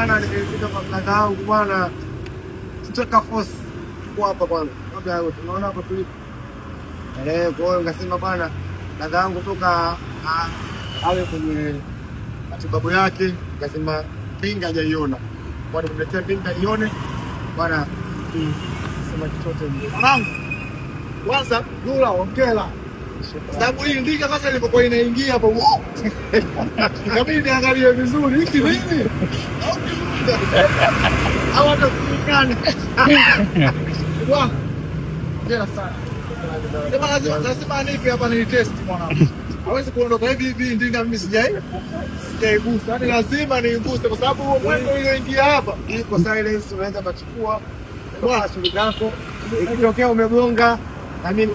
bana, nimefika kwa brada yangu bwana, tutaka force kwa hapa bwana, kabla hayo tunaona hapa tulipo eh. Kwa hiyo ngasema bwana, brada yangu toka awe kwenye matibabu yake, ngasema pinga hajaiona bwana, kumletea pinga ione bwana, sema chochote mwanangu, kwanza dula ongela sababu hii ndika sasa ilipokuwa inaingia hapo, ikabidi niangalie vizuri, hiki nini au hata kuingana lazima nipe hapa ni test mwanangu, hawezi kuondoka hivi hivi ndinga, mimi sijai sijaigusa, yani lazima niiguse, kwa sababu huo mwendo ulioingia hapa iko silence, unaweza kuchukua kwa shughuli zako, ikitokea umegonga na mimi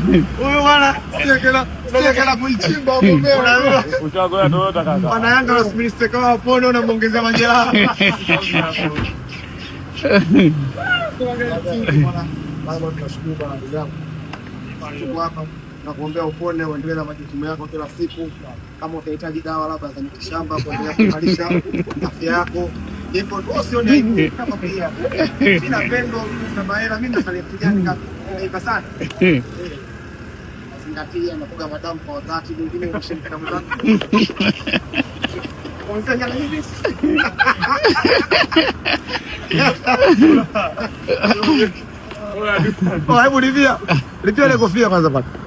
Huyu bwana sio kila sio majeraha. na kuombea upone uendelee majukumu yako kila siku. Kama utahitaji dawa labda za miti shamba kuendelea kuimarisha afya yako. Ndipo tu oh, kama pia. Mimi napendo na maana mimi nafanya kijani kuheka sana eh. zingatia napoga madamu kwa wakati mwingine unashirika madamu oh, hebu lipia lipia ile kofia kwanza paka